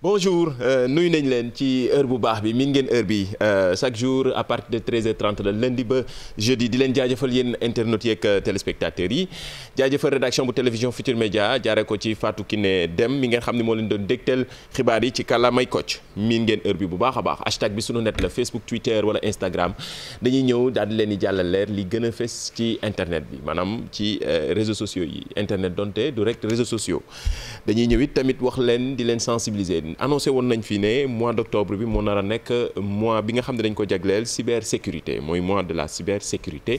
bonjour euh, nuyu nañ leen ci heure bu baax bi miin ngeen heure bi euh, chaque jour à partir de 13h30 la lundi ba jeudi di leen jaajëfal yéen internautes yeeg euh, téléspectateurs yi jaajëfal rédaction bu télévision Futur Média jaare ko ci Fatou Kiné Dem mi ngeen xam ni moo leen doon dégtal xibaar yi ci kàllaamay Kocc miin ngeen heure bi bu baax a baax hashtag bi sunu net la Facebook Twitter wala Instagram dañuy ñëw daal di leen di jàllal leer li gën a fes ci internet bi maanaam ci réseaux sociaux yi internet donte du rek réseaux sociaux dañuy ñëw it tamit wax leen di leen sensibiliser. annoncé woon nañ fi ne mois d' octobre bi moo nar a nekk mois bi nga xam ne dañ ko jagleel cybersécurité mooy mois de la sécurité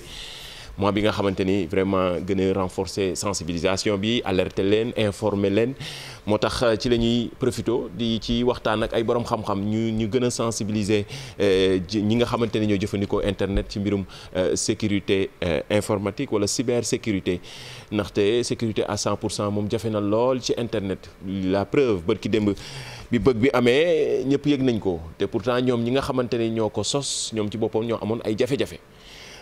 mois bi nga xamante ni vraiment gën a renforcer sensibilisation bi alerter leen informer leen moo tax euh, ci la ñuy profité di ci waxtaan ak ay borom xam-xam ñu ñu gën a sensibiliser euh, ñi nga xamante ni ñoo jëfandikoo internet ci mbirum euh, sécurité informatique wala cybersécurité ndaxte sécurité à cent pour cent moom jafe na lool ci internet la preuve bët ki démb bi bëgg bi amee ñëpp yëg nañ ko te pourtant ñoom ñi nga xamante ni ñoo ko sos ñoom ci boppam ñoo amoon ay jafe-jafe.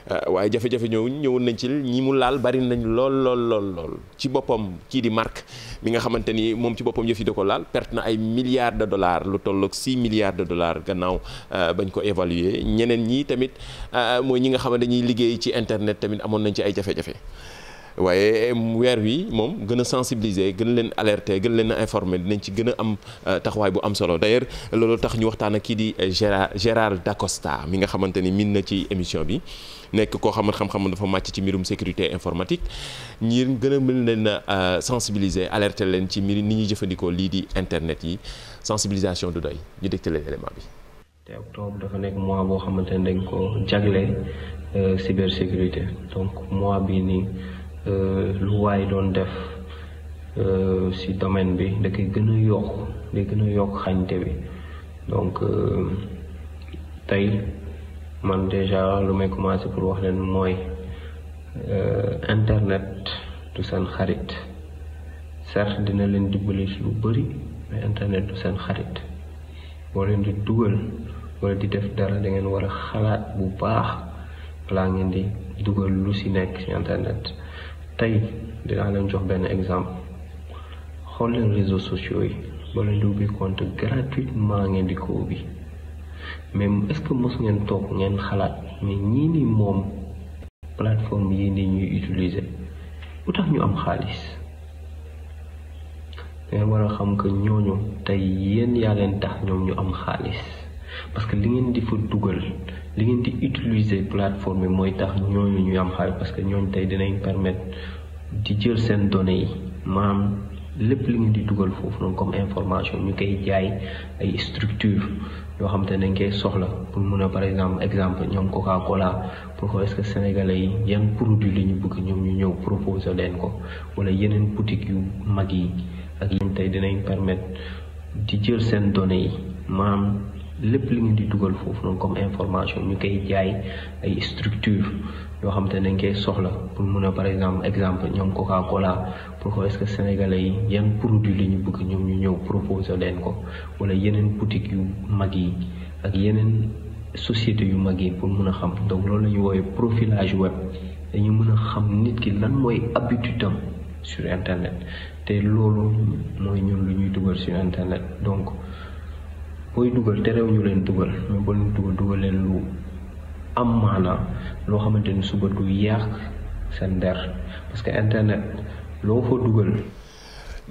Euh, waaye jafe-jafe ñëw ñëwoon nañ ci ñi mu laal bari nañ lool lool lool lool ci boppam kii di Mark mi nga xamante ni moom ci boppam yëf yi da ko laal perte na ay milliards de dollars lu tolloog 6 milliards de dollars gannaaw euh, bañ ko évaluer ñeneen ñi tamit euh, mooy ñi nga xam ne dañuy liggéey ci internet tamit amoon nañ ci ay jafe-jafe waaye weer wi moom gën a sensibiliser gën leen alerté gën leen a informer dinañ ci gën a am euh, taxawaay bu am solo d'ailleurs loolu tax ñu waxtaan ak kii di euh, Gérard Gérald Dacosta mi nga xamante ni min na ci émission bi nekk koo xam ne xam-xam dafa màcc ci mbirum sécurité informatique ñi gën a mën leen a euh, sensibiliser alerter leen ci mbir ni ñuy jëfandikoo lii di internet yi sensibilisation du doy ñu dégte leen élément bi. te octobre dafa nekk mois boo xamante ne dañ ko jagle mois bii nii. Euh, lu waay doon def euh, si domaine bi da gën a yokk day gën a yokk xañte bi donc euh, tey man déjà lu may commencé pour wax leen mooy internet du seen xarit certes dina leen dimbali ci lu bëri internet du seen xarit boo leen di dugal wala di def dara dangeen war a xalaat bu baax balaa ngeen di dugal lu si nekk ci internet tey dinaa leen jox benn exemple xool leen réseaux sociaux yi ba leen di ubbi compte gratuitement ngeen di ko ubbi mais est-ce que mos ngeen toog ngeen xalaat ne ñii ni moom plateforme yii nii ñuy utiliser lu tax ñu am xaalis dangeen war a xam que ñooñu tey yéen yaa leen tax ñoom ñu am xaalis parce que li ngeen di fa dugal li ngeen di utiliser plateforme bi mooy tax ñooñu ñu am xaalis parce que ñooñu tey dinañ permettre di jël seen données yi maanaam lépp li di dugal foofu noonu comme information ñu koy jaay ay structure yoo xam te nañ koy soxla pour mun a par exemple exemple ñoom Coca Cola pour que est yi yan produit li ñu bëgg ñoom ñu ñëw proposer leen ko wala yeneen boutique yu mag yi ak yéen tey dinañ permettre di jël seen données yi lépp li ngeen di dugal foofu noonu comme information ñu koy jaay ay structure yoo xam ne dañ koy soxla pour mun a par exemple exemple ñoom Coca Cola pour que est-ce yi yan produit la ñu bëgg ñoom ñu ñëw proposer leen ko wala yeneen boutique yu mag yi ak yeneen société yu mag yi pour mun a xam donc loolu la ñu woowee profilage web dañu mën a xam nit ki lan mooy habitude am sur internet te loolu mooy ñun lu ñuy dugal sur internet donc booy dugal terewuñu leen dugal mais boo leen dugal dugal leen lu am maanaa loo xamante ni suba du yàq seen der parce internet loo fa dugal.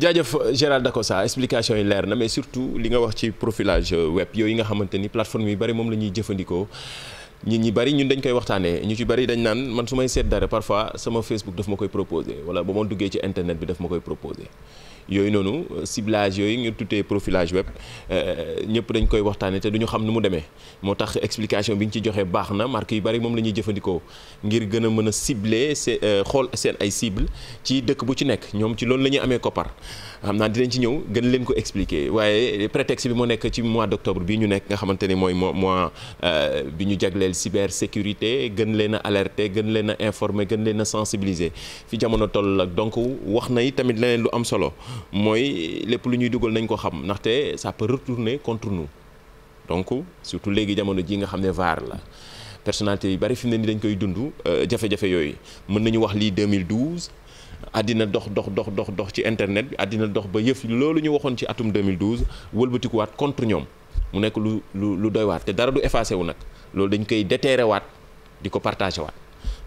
jaajëf Gérald Dacosta explication yi leer na mais surtout li nga wax ci profilage web yooyu nga xamante ni plateforme yu bari moom la ñuy jëfandikoo. nit ñi bari ñun dañ koy waxtaane ñu ci bari dañ naan man su may seet dara parfois sama Facebook daf ma koy proposé wala ba ma duggee ci internet bi dafa ma koy proposé yooyu noonu ciblage yooyu nga tuddee profilage web euh, ñëpp dañ koy waxtaanee te du ñu xam nu mu demee moo tax explication bi ñu ci joxee baax na marque yu bari moom la ñuy jëfandikoo ngir gën a mën a cibler se euh, xool seen ay cible ci dëkk bu ci nekk ñoom ci loolu la ñuy amee koppar xam naa dinañ ci ñëw gën leen ko expliquer waaye prétexte bi mu nekk ci mois d' octobre bii ñu nekk nga xamante ni mooy mois euh, bi ñu jagleel cybersécurité gën leen a alerter gën leen a informer gën leen a sensibiliser fi jamono toll la donc wax na yi tamit leneen lu am solo mooy lépp lu ñuy dugal nañ ko xam ndaxte sa peut retourner contre nous donc surtout léegi jamono ji nga xam ne var la personnalité yi bari fi mu ne ni dañ koy dund euh, jafe-jafe yooyu mën nañu wax lii 2012 àddina dox dox dox dox dox ci internet bi àddina dox ba yëf loolu ñu waxoon ci atum 2012 wëlbatikuwaat contre ñoom mu nekk lu lu lu doy waat te dara du effacé wu nag loolu dañ koy déterré waat di ko partagé waat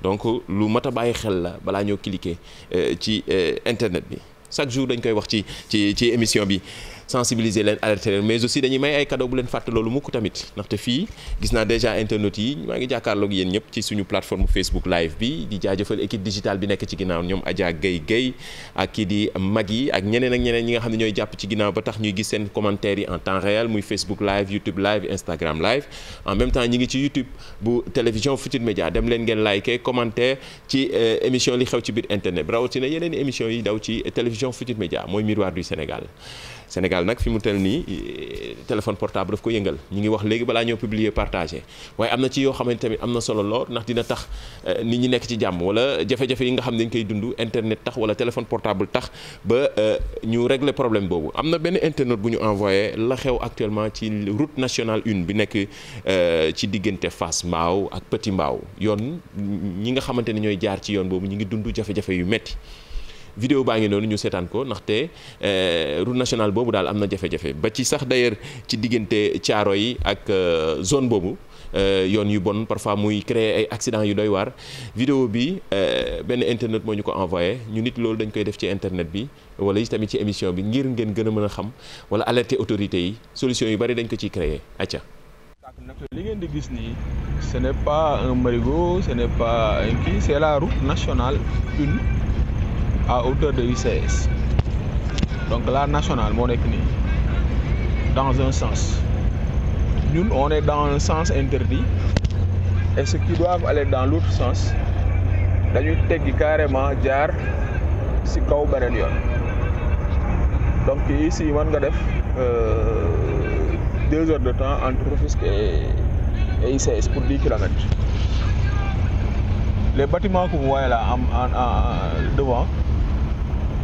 donc lu mat a bàyyi xel la balaa ñoo cliquer euh, ci euh, internet bi chaque jour dañ koy wax ci ci ci émission bi sensibiliser leen alerter mais aussi dañuy may ay cadeau bu leen fàtte loolu mukk tamit ndaxte fii gis naa déjà internet yi maa ngi jàkkaarloog yéen ñëpp ci suñu plateforme Facebook live bi di jaajëfal équipe digitale bi nekk ci ginnaaw ñoom Adja Guèye Guèye ak kii di mag yi ak ñeneen ak ñeneen ñi nga xam ne ñooy jàpp ci ginnaaw ba tax ñuy gis seen commentaires yi en temps réel muy Facebook live YouTube live Instagram live en même temps ñi ngi ci YouTube bu télévision Média dem leen ngeen liker commenter ci euh, émission li xew ci biir internet rawatina yeneen émission yi daw ci télévision Futur Média mooy miroir du Sénégal Sénégal nag fi mu tel nii eh, téléphone portable daf ko yëngal ñu ngi wax léegi balaa ñoo publier partagé waaye am na ci yoo xamante tamit am na solo lool ndax dina tax eh, nit ñi nekk ci jàmm wala jafe-jafe yi nga xam ne dañ koy dund internet tax wala téléphone portable tax ba eh, ñu régler problème boobu am na benn internet bu ñu envoyé la xew actuellement ci route nationale une bi nekk ci diggante Fass Mbao ak Petit mbaaw yoon ñi nga xamante ni ñooy jaar ci yoon boobu ñu ngi dund jafe yu metti vidéo baa ngi noonu ñu seetaan ko ndaxte euh, route nationale boobu daal am na jafe-jafe ba ci sax d'ailleurs ci diggante caaro yi ak euh, zone boobu euh, yoon yu bon parfois muy créer ay accident yu doy waar vidéo bi benn internet moo ñu ko envoyé ñu nit loolu dañ koy def ci internet bi wala yi tamit ci émission bi ngir ngeen gën a mën a xam wala alerter autorités yi solution yu bari dañ ko ciy créer acca li ngeen di gis nii ce n'est pas un marigot ce n'est pas un kii la à hauteur de UCS donc la nationale moo nekk nii dans un sens ñun on est dans un sens interdit et ceux qui doivent aller dans l'autre sens dañuy teggi carrément jaar ci kaw beneen yoon donc ici mën nga def euh, deux heures de temps entre Rufisque et ICS pour di kilomètres les bâtiments que vous am en en en devant.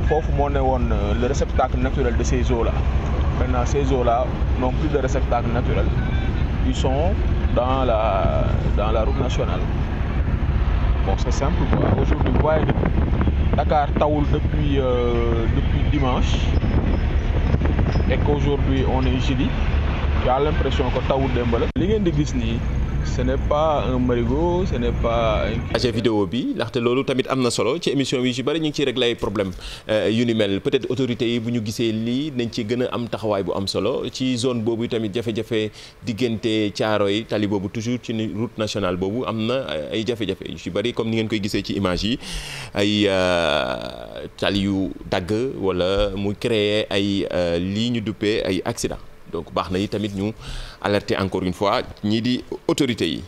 foofu moo ne woon euh, le réceptacle naturel de ces eaux là maintenant ces la là plus de réceptacle naturel ils sont dans la dans la route nationale bon c'est simple quoi aujourd'hui vous voyez Dakar tawul depuis euh, depuis dimanche et qu'aujourd'hui on est jeudi tu as l'impression que tawul démb li ngeen di gis nii ce n'est pas un marigot ce n'est pas. projet vidéo bi ndaxte loolu tamit am na solo ci émission yi ci bari ñu ngi ciy réglé ay problème euh, yu ni mel peut-être autorités yi bu ñu gisee lii nañ ci gën a am taxawaay bu am solo ci zone boobu tamit jafe-jafe diggante caaro yi tali boobu toujours ci ni route nationale boobu am na euh, ay jafe-jafe yu ci bëri comme ni ngeen koy gisee ci image yi ay euh, tali yu dagg wala mu créer ay lii ñu duppee ay accident. donc baax na yi tamit ñu alerter encore une fois ñii di autorités yi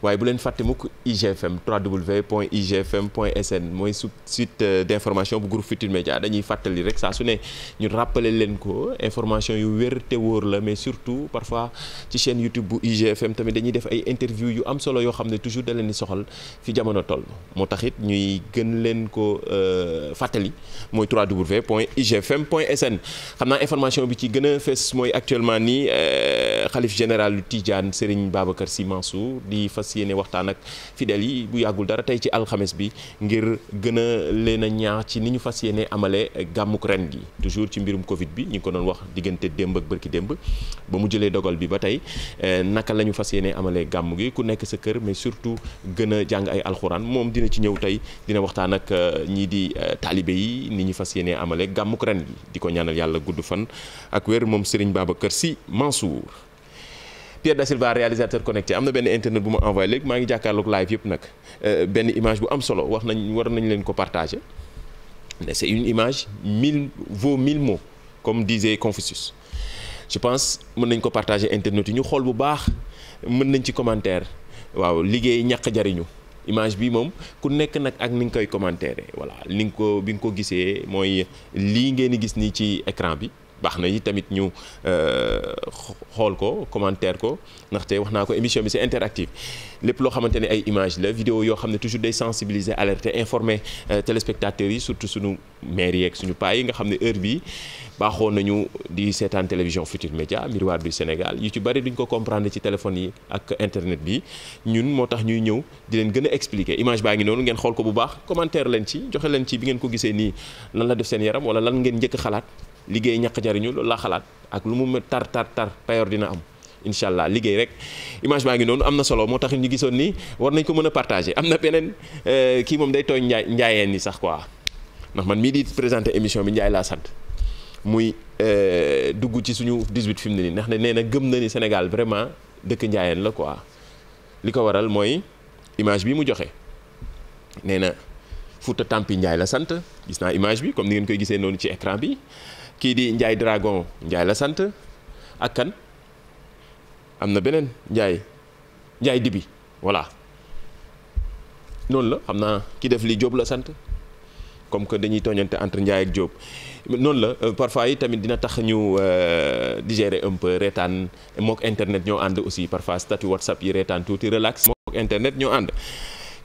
waaye bu leen fàtte mukk IGFM www.igfm.sn mooy su site euh, d'information bu groupe Futurs dañuy fàttali rek saa su ne ñu rappeler leen ko information yu wér te wóor la mais surtout parfois ci chaîne YouTube bu IGFM tamit dañuy def ay interview yu am solo yoo xam ne toujours da leen di soxal fi jamono toll moo taxit ñuy gën leen ko euh, fàttali mooy www.igfm.sn xam naa information bi ci gën a fees mooy actuellement nii euh, xalif général lu Tidiane Serigne Babacar Sy Mansour di fas fas yéene waxtaan ak fidèles yi bu yàggul dara tey ci alxames bi ngir gën a leen a ñaax ci ni ñu fas yéene amale gàmmuk ren gi toujours ci mbirum Covid bi ñu ko doon wax diggante démb ak bërki démb ba mu jëlee dogal bi ba tey eh, naka la ñu fas yéene amalee gàmm gi ku nekk sa kër mais surtout gën a jàng ay alxuraan moom dina ci ñëw tey dina waxtaan ak eh, ñii di eh, taalibe yi ni ñu fas yéene amale gàmmuk ren gi di ko ñaanal yàlla gudd fan ak wér moom Serigne Babacar Sy Mansour Pierre Da Silva réalisateur connecté am na benn internet bu ma envoyé léegi maa ngi jàkkaarloog live yëpp nag euh, benn image bu am solo wax nañ war nañ leen ko partager mais c'est une image mille vaut mille mots comme disait Confucius je pense mën nañ ko partager internet yu ñu xool bu baax mën nañ ci commentaire waaw liggéey ñàkk jariñu image bi moom ku nekk nag ak ni nga koy commentaire voilà ni nga ko bi nga ko gisee mooy lii ngeen di gis nii ci écran bi baax na yi tamit ñu euh, xool ko commentaire ko ndaxte wax naa ko émission bi c'est interactive lépp loo xamante ne ay image la vidéo yoo xam ne toujours day sensibiliser alerte informer euh, téléspectateurs yi surtout suñu maire yeeg suñu paa yi nga xam ne heure bi baaxoo nañu di seetaan télévision Futur Média miroir du Sénégal yu ci bari duñ ko comprendre ci téléphone yi ak internet bi ñun moo tax ñuy ñëw di leen gën a expliquer image baa ngi noonu ngeen xool ko bu baax commentaire leen ci joxe ci bi ngeen ko gisee nii lan la seen yaram wala lan ngeen njëkk xalaat liggéey ñàkk jariñu loolu laa xalaat ak lu mu tar tar tar payor dina am incha allah liggéey rek image baa ngi noonu am na solo moo tax ñu gisoon ni war nañ ko mën a partager am na beneen euh, kii moom day tooñ njaay njaayeen ni sax quoi ndax man mii di présenté émission bi njaay laa sant muy euh, dugg ci suñu 18 fi mu ne nii ndax ne nee na gëm na ni Sénégal vraiment dëkk njaayeen la quoi li ko waral mooy image bi mu joxe nee na Fouta Tampi Njaay la sant gis naa image bi comme ni ngeen koy gisee noonu ci écran bi kii di njaay Dragon Ndiaye la sant ak kan am na beneen njaay Ndiaye dibi voilà noonu la xam naa ki def lii Diop la sant comme que dañuy tooñante entre Ndiaye ak Diop noonu la euh, parfois yi tamit dina tax ñu euh, digérer un peu reetaan mook internet ñoo ànd aussi parfois statut WhatsApp yi reetaan tuuti relax mook internet ñoo ànd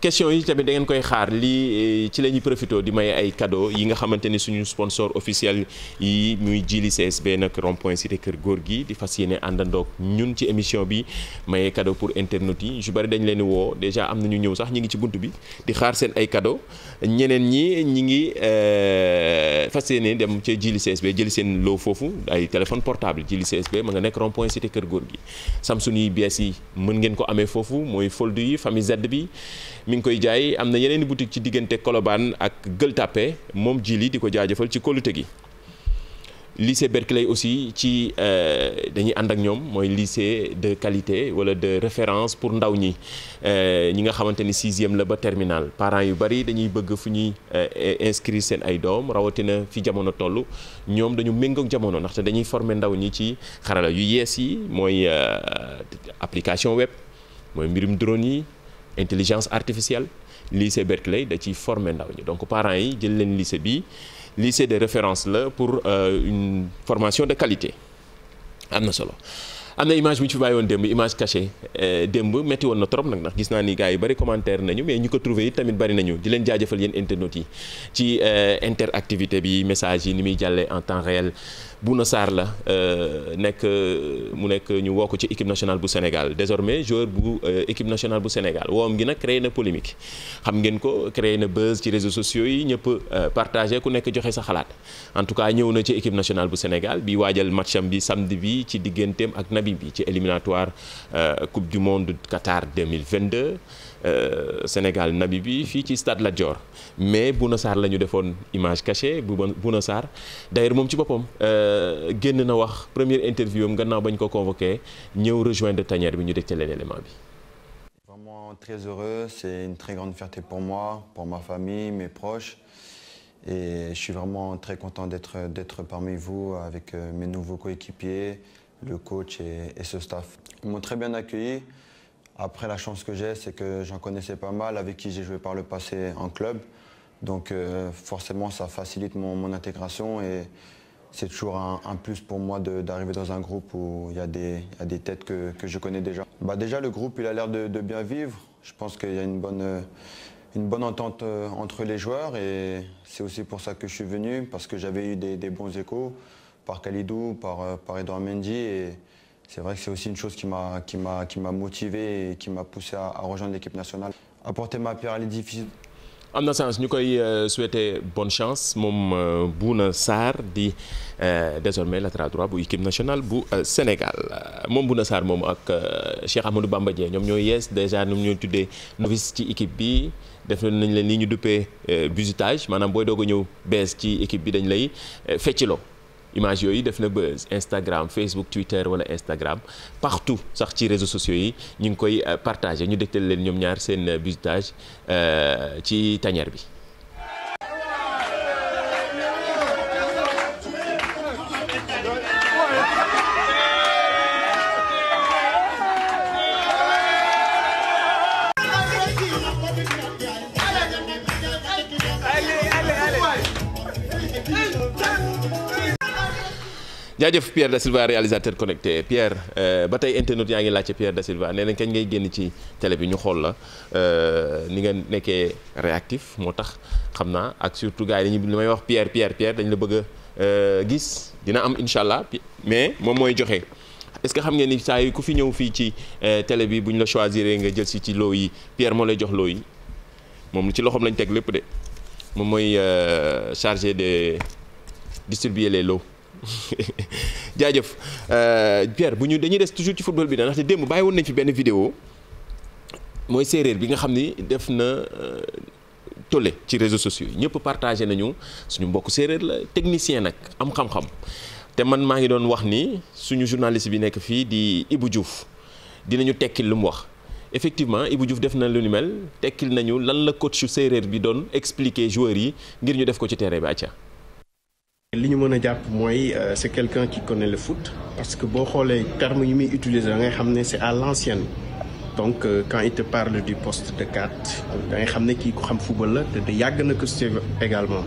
question yi tamit da ngeen koy xaar lii eh, ci la ñuy profité di may ay cadeau yi nga xamante ni suñu sponsor officiel yi muy jiili CSB nag rond point cité kër góor gi di fas yéene àndandoog ñun ci émission bi maye cadeau pour internautes yi ju bari dañ leen di woo déjà am na ñu ñëw sax ñi ngi ci bunt bi di xaar seen ay cadeau ñeneen ñi ñi ngi eh, fas yéene dem ca jili CSB jëli seen loo foofu ay téléphone portable jili CSB ma nga nekk rond point cité kër góor gi Samsung yi bees yi mën ngeen ko amee foofu mooy fold yi famille bi mi koy jaay am na yeneen i ci diggante Colobane ak Gueule Tapée moom ji li di ko jaajëfal ci kóolute gi. lycée Berkeley aussi ci euh, dañuy ànd ak ñoom mooy lycée de qualité wala de référence pour ndaw ñi euh, ñi nga xamante ni sixième la ba terminale parent yu bari dañuy bëgg fu ñuy euh, inscrire seen ay doom rawatina fi jamono toll ñoom dañu méngoog jamono ndaxte dañuy former ndaw ñi ci xarala yu yees yi mooy application web mooy mbirum drone yi. intelligence artificielle lycée Berkeley da ciy former ndaw ñi donc parent yi jël leen lycée bi lycée de référence la pour euh, une formation de qualité am na solo am na image bu ñu fi bàyyi woon démb image cachée eh, démb métti woon na trop nag ndax gis naa ni gars yi bari commentaire nañu mais ñu ko trouvé yi tamit bari nañu di leen jaajëfal yéen internautes yi ci eh, interactivité bi message yi ni muy jàllee en temps réel Bouna Sarr la eh, nekk mu nekk ñu wokk ci équipe nationale bu Sénégal désormais jour bu équipe nationale bu Sénégal woom gi nag créé na polémique xam ngeen ko créé na buzz ci réseaux sociaux yi ñëpp partagé ku nekk joxe sa xalaat en tout cas ñëw na ci équipe nationale bu Sénégal bi waajal matcham bi samedi bi ci digganteem ak Habib yi ci éliminatoire euh, coupe du monde Qatar 2022 euh, Sénégal Nabi bi fii ci stade mais Bouna Sarr la ñu defoon image cachée bu Bouna Sarr d'ailleurs moom ci boppam euh, génn na wax première interview am gannaaw bañ ko convoqué ñëw rejoindre tanière bi ñu dégtalee l'élément bi. vraiment très heureux c'est une très grande fierté pour moi pour ma famille mes proches et je suis vraiment très content d'être parmi vous avec mes nouveaux coéquipiers. le coach et, et ce staff. Ils m'ont très bien accueilli. Après, la chance que j'ai, c'est que j'en connaissais pas mal avec qui j'ai joué par le passé en club. Donc euh, forcément, ça facilite mon, mon intégration et c'est toujours un, un, plus pour moi d'arriver dans un groupe où il y, y a des, têtes que, que, je connais déjà. Bah déjà, le groupe, il a l'air de, de, bien vivre. Je pense qu'il y a une bonne, euh, une bonne entente euh, entre les joueurs et c'est aussi pour ça que je suis venu, parce que j'avais eu des, des bons échos. par Khalidou, par, euh, par Et c'est vrai que c'est aussi une chose qui m'a motivé et qui m'a poussé à, à rejoindre l'équipe nationale. Apporter ma pierre à l'édifice am na chance ñu koy euh, souhaiter bonne chance moom euh, Bouna Sarr di désormais latéral droit bu équipe nationale bu Sénégal moom Bouna Sarr moom ak Cheikh Amadou Bamba Dieng ñoom ñoo yees déjà ñoom ñoo tuddee novice ci équipe bi def nañ leen li ñu duppee busutage maanaam booy doog a ñëw bees ci équipe bi dañ lay fecciloo image yooyu def na buzz Instagram Facebook Twitter wala Instagram partout sax ci réseaux sociaux yi ñu ngi koy euh, partagé ñu dégtal leen ñoom ñaar seen visitage euh, euh, ci tañeer bi. jaajëf Pierre Da Silva réalisateur connecté Pierre euh, ba tey internet yaa ngi laajte Pierre Da Silva nee nañ ngay génn ci tele bi ñu xool la euh, ni nga nekkee réactif moo tax xam naa ak surtout gars yi dañu li may wax Pierre Pierre Pierre dañu la bëgg a euh, gis dina am incha allah mais moom mooy joxe. est que xam ngeen ni saa yi ku fi ñëw fii ci télé bi bu ñu la choisir nga jël si ci loo yi Pierre moo lay jox loo yi moom ci loxoom lañ teg lépp de moom mooy chargé de distribuer les jaajëf euh, Pierre bu ñu dañuy des toujours ci football bi na ndaxte démb bàyyi woon nañ fi benn vidéo mooy séeréer bi nga xam ni def na euh, tolle ci réseaux sociaux yi ñëpp partagé nañu suñu mbokk séeréer la technicien nag am xam-xam te man maa ngi doon wax ni suñu journaliste bi nekk fii di Ibou Diouf dinañu tekki lu mu wax effectivement Ibou Diouf def na lu ni mel tekkil nañu lan la coach séeréer bi doon expliquer joueurs yi ngir ñu def ko ci terrain bi acca li ñu mën a jàpp mooy euh, c'est quelqu'un ci connaît le foot parce que boo xoolee terme yi muy utiliser da ngay xam ne c'est à l'ancienne donc euh, quand il te parle du poste de quatre da xam ne kii ko xam football la te yàgg na ko ci également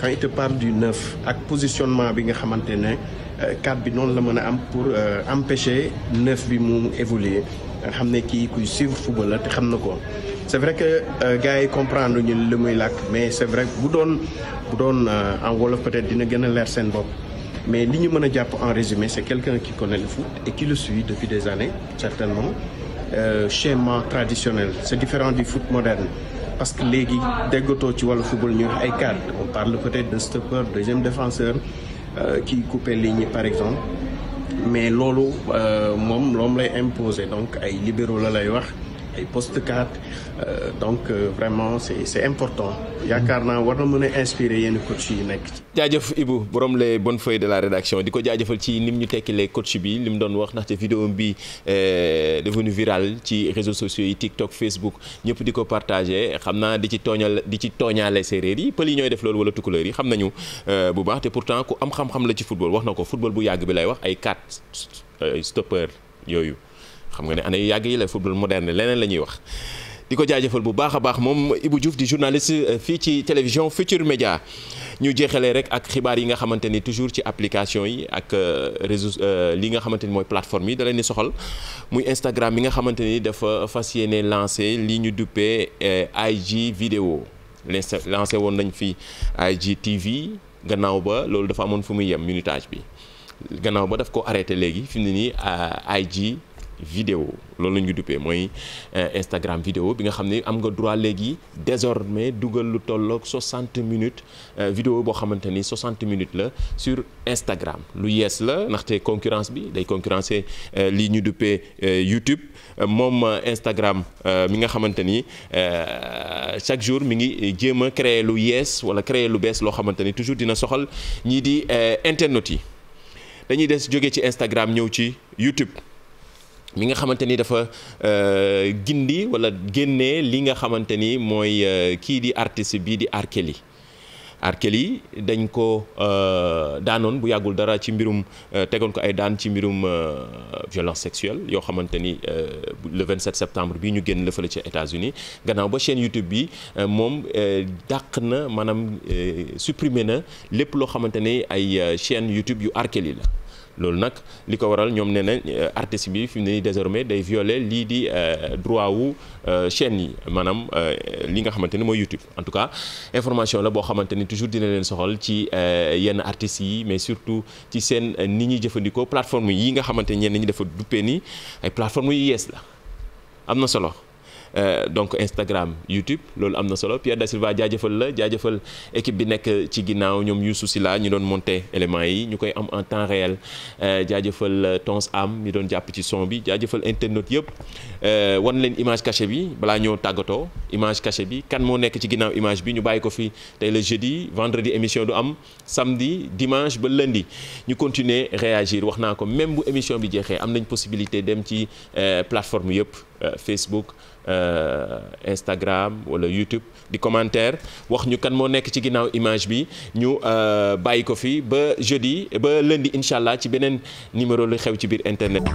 quand il te parle du neuf ak positionnement bi nga xamante ne euh, quatre bi noonu la mën a am pour empêcher neuf bi mu évoluer nga xam ne kii kuy suivre football la te xam na ko c'est vrai que gars yi comprendre ñu li muy làkk mais c'est vrai bu bu doon euh, en wolof peut-être dina gën leer seen bopp mais li ñu mën a jàpp en résumé c'est quelqu'un qui connaît le foot et qui le suit depuis des années certainement euh, schéma traditionnel c'est différent du foot moderne parce que léegi déggatoo ci wàllu football ñu wax ay cadres on parle peut-être de stoppeur deuxième défenseur euh, qui coupe ligne par exemple mais loolu euh, moom loom lay imposer donc ay libéro la lay wax ay postcard euh, donc euh, vraiment c'est c'est important yaakaar naa war na mën a inspirer yenn coach yi nekk ci. jaajëf Ibou borom les bonnes feuilles de la rédaction di ko jaajëfal ci lim ñu tekkilee coach bi lim doon wax ndaxte vidéo bi euh, devenu viral ci réseaux sociaux yi TikTok Facebook ñëpp di ko partagé xam naa di ci tooñal di ci tooñaale séeréer yi pël yi ñooy def loolu wala tukkuleur yi xam nañu bu baax te pourtant ku am xam-xam la ci football wax na ko football bu yàgg bi lay wax ay quatre stoppeur yooyu. xam nga ne année yu yàgg yi la football moderne leneen la ñuy wax di ko jaajëfal bu baax a baax moom Ibou Diouf di journaliste euh, fii ci télévision Futur Média ñu jeexale rek ak xibaar yi nga xamante ni toujours ci application yi ak euh, réseaux euh, li nga xamante ni mooy plateforme yi da leen di soxal muy Instagram mi nga xamante ni dafa fas yéene lancé li ñu duppee IG vidéo lancé woon nañ fi IGTV gannaaw ba loolu dafa amoon fu mu yem minutage bi gannaaw ba daf ko arrêté léegi fi mu ne nii IG vidéo loolu la ñu duppee mooy euh, Instagram vidéo bi nga xam ni am nga droit léegi désormais dugal lu tolloog 60 minutes euh, vidéo boo xamante ni 60 minutes la sur Instagram lu yees la ndaxte concurrence bi day concurrencer euh, lii ñu duppee YouTube moom Instagram mi nga xamante ni chaque jour mi ngi jéem a créer lu yees wala créer lu bees loo xamante ni toujours dina soxal ñii di internautes yi dañuy des jóge ci Instagram ñëw ci YouTube mi nga xamante ni dafa euh, gindi wala génnee li nga xamante ni mooy euh, kii di artiste bii di R Kelly R dañ ko euh, daanoon bu yàggul dara ci mbirum tegoon ko ay daan ci mbirum violence sexuelle yoo xamante ni le 27 septembre bii ñu génn la fële ci États-Unis gannaaw ba chaîne YouTube bi moom dàq na maanaam supprimer na lépp loo xamante ni ay chaîne YouTube yu R Kelly la. loolu nag li ko waral ñoom nee nañ euh, artiste bi fi mu ne nii désormais day violer lii di euh, droit wu euh, chaine yi maanaam li nga xamante ni mooy YouTube en tout cas information la boo xamante ni toujours dina leen soxal ci yenn artistes yi mais surtout ci seen ni ñuy jëfandikoo plateforme yi nga xamante ñenn ñi dafa duppee ni ay plateforme yu yees la am na solo. Euh, donc Instagram YouTube loolu am na solo Pierre Da Silva jaajëfal la jaajëfal équipe bi nekk ci ginnaaw ñoom Youssou Sila ñu doon monter élément yi ñu koy am en temps réel euh, jaajëfal euh, Tons Am ñu doon jàpp ci son bi jaajëfal internet yëpp wan leen image cachée bi balaa ñoo tàggatoo image cachée bi kan moo nekk ci ginnaaw image bi ñu bàyyi ko fi tey le jeudi vendredi émission du am samedi dimanche ba lundi ñu continuer réagir wax naa ko même bu émission bi jeexee am nañ possibilité dem ci plateforme yëpp Facebook Euh, Instagram wala YouTube di commentaire wax ñu kan moo nekk ci ginnaaw image bi ñu euh, bàyyi ko fi ba jeudi ba lundi incha allah ci beneen numéro lu xew ci biir internet.